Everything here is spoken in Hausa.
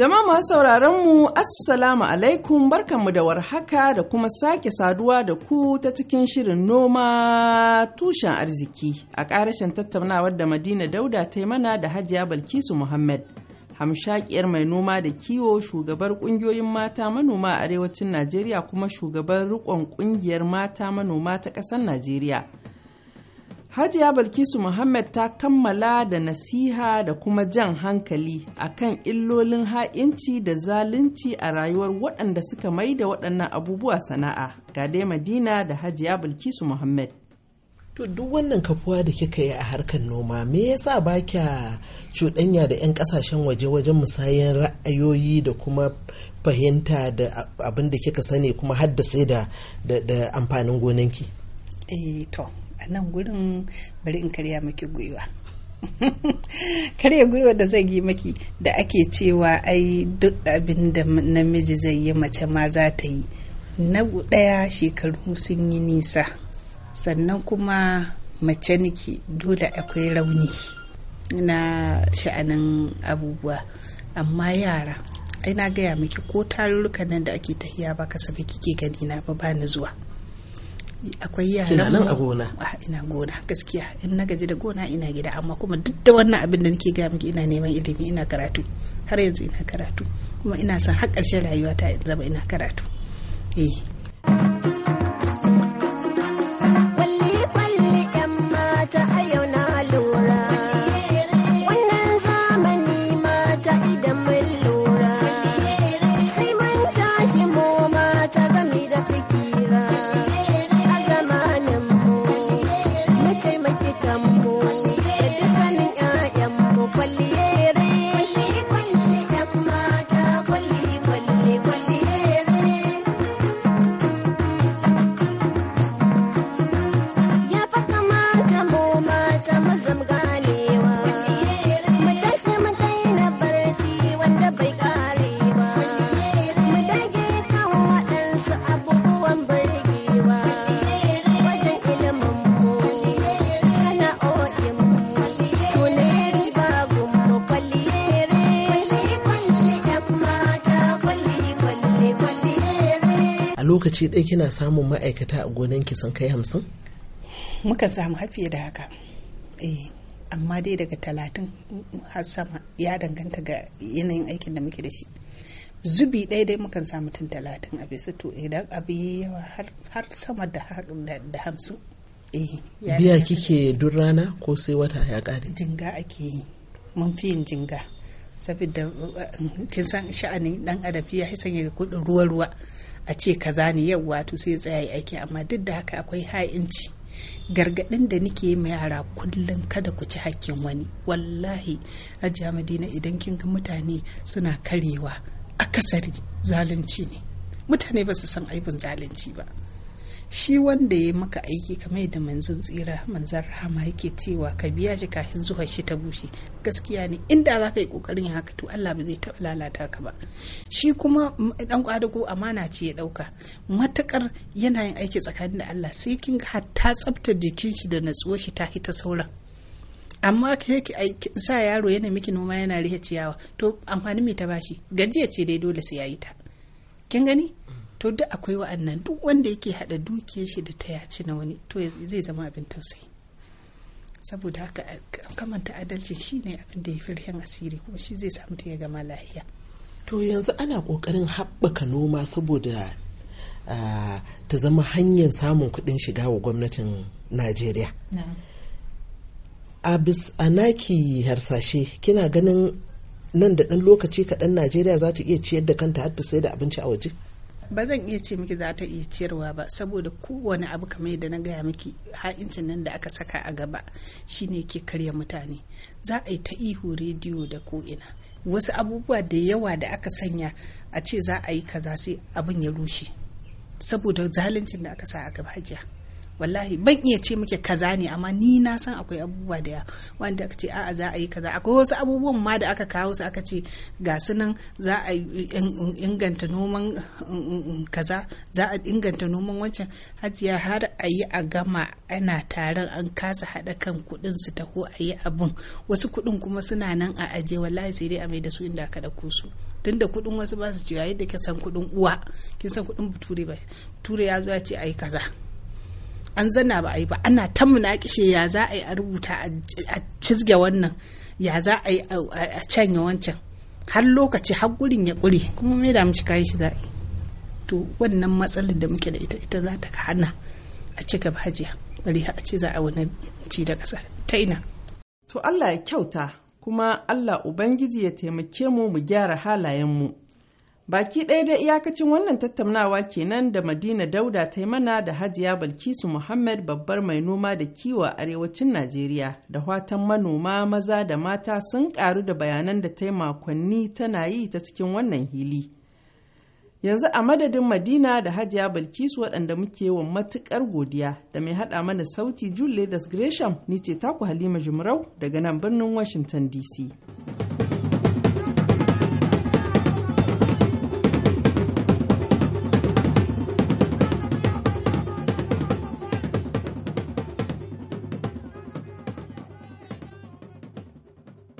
Jama'a masu sauraron mu Assalamu alaikum barkanmu da warhaka da kuma sake saduwa da ku ta cikin shirin noma tushen arziki a ƙarashin tattaunawar da Madina Dauda ta mana da Hajiya Balkisu Muhammad. Hamshakiyar mai noma da kiwo shugabar ƙungiyoyin mata manoma a arewacin Najeriya kuma shugabar riƙon ƙungiyar mata manoma ta ƙasar Najeriya. Hajiya Balkisu Muhammad ta kammala da nasiha da kuma jan hankali akan illolin ha'inci da zalunci a rayuwar waɗanda suka mai da waɗannan abubuwa sana'a. Ga dai Madina da Hajiya Balkisu Muhammad. To duk wannan kafuwa da kika yi a harkar noma me yasa ba kya cuɗanya da 'yan ƙasashen waje wajen musayen ra'ayoyi da kuma fahimta da abin da kika sani kuma haddasa da amfanin gonanki? Eh to a nan gurin bari in karya maki gwiwa karya gwiwa da zai yi maki da ake cewa ai duk abin da namiji zai yi mace ma za ta yi na ɗaya shekaru sun yi nisa sannan kuma mace niki dole akwai rauni na sha'anin abubuwa amma yara ai na gaya miki ko tarurruka nan da ake tahiya ba kasafe kike gani na ba ba ni zuwa akwai yara kina nan a gona ah, ina gona gaskiya in na gaji da gona ina gida amma kuma duk da wannan abin da nake ga miki ina neman ilimi ina karatu har yanzu ina karatu kuma ina son har ƙarshen rayuwata in zama ina karatu eh lokaci ɗaya kina samun ma'aikata a gonanki sun kai hamsin? muka samu hafiye da haka eh, amma dai daga talatin har sama ya danganta ga yanayin aikin da muke da shi zubi ɗaya dai mukan samu mutum talatin a bisa to idan abu ya yawa har sama da hamsin eh, biya kike duk rana ko sai wata ya ƙare jinga ake yi mun fi yin jinga saboda eh, kin san sha'ani dan adam ya sanya kudin ruwa-ruwa a ce kaza ne yau wato sai tsaya aiki amma duk da haka akwai ha'inci gargaɗin da nike ma yara kullum kada ku ci hakkin wani wallahi a madina idan kin ga mutane suna karewa akasari zalunci ne mutane ba su san aibin zalunci ba shi wanda ya maka aiki kamar yadda manzon tsira manzan rahama yake cewa ka biya shi kafin zuwa shi ta bushe gaskiya ne inda za ka yi kokarin ya haka to Allah ba zai taɓa lalata ka ba shi kuma dan kwadago amana ce ya ɗauka matakar yana yin aiki tsakanin da Allah sai kin ga hatta tsabta jikin shi da natsuwar shi ta hita sauran amma yake sa yaro yana miki noma yana rihe ciyawa to amfanin mai ta bashi gajiya ce dai dole sai ya yi ta kin gani to da akwai wa'annan duk wanda yake hada dukiyar shi da ta yaci na wani to zai zama abin tausayi saboda haka kamanta adalci shine abin da ya fi rikin asiri kuma shi zai samu ta gama lahiya to yanzu ana kokarin haɓaka noma saboda ta zama hanyar samun kuɗin shiga wa gwamnatin najeriya a bis anaki harsashe kina ganin nan da ɗan lokaci kaɗan najeriya za ta iya ciyar da kanta har ta sai da abinci a waje ba zan iya ce miki za ta iya ciyarwa ba saboda kowane abu kamar da na gaya miki ha'incin nan da aka saka a gaba shine ke karya mutane za a yi ta ihu rediyo da ko'ina wasu abubuwa da yawa da aka sanya a ce za a yi kaza sai abin ya rushe saboda zaluncin da aka sa a gaba wallahi ban iya ce muke kaza ne amma ni na san akwai abubuwa da ya wanda aka ce a'a za a yi kaza akwai wasu abubuwan ma da aka kawo su aka ce ga su nan za a inganta noman kaza za a inganta noman wancan hajiya har a yi a gama ana taron an kasa haɗa kan kuɗin su ko a yi abun wasu kuɗin kuma suna nan a ajiye wallahi sai dai a mai da su inda aka ɗauko su tunda kuɗin wasu ba su ciwa yadda san kuɗin uwa kin san kuɗin bature ba bature ya zo ya ce a yi kaza an zanna ba a yi ba ana ta munakishe ya za a yi a rubuta a cizge wannan ya za a yi a canya wancan har lokaci har gurin ya kure kuma mai da muci kayan shi za a yi to wannan matsalar da muke da ita ita za ta hana a ci gaba hajiya bari a ce za a wani ci da ƙasa ta ina to Allah ya kyauta kuma Allah ubangiji ya taimake mu mu gyara halayen mu. Baki ɗaya da iyakacin wannan tattaunawa kenan da Madina Dauda ta yi mana da Hajiya Balkisu Muhammad babbar mai noma da kiwo a arewacin Najeriya da watan manoma maza da mata sun ƙaru da bayanan da ta yi makonni tana yi ta cikin wannan hili. Yanzu a madadin Madina da Hajiya Balkisu waɗanda muke wa matuƙar godiya da mai haɗa mana sauti Julius Gresham ni ce taku Halima Jumrau daga nan birnin Washington DC.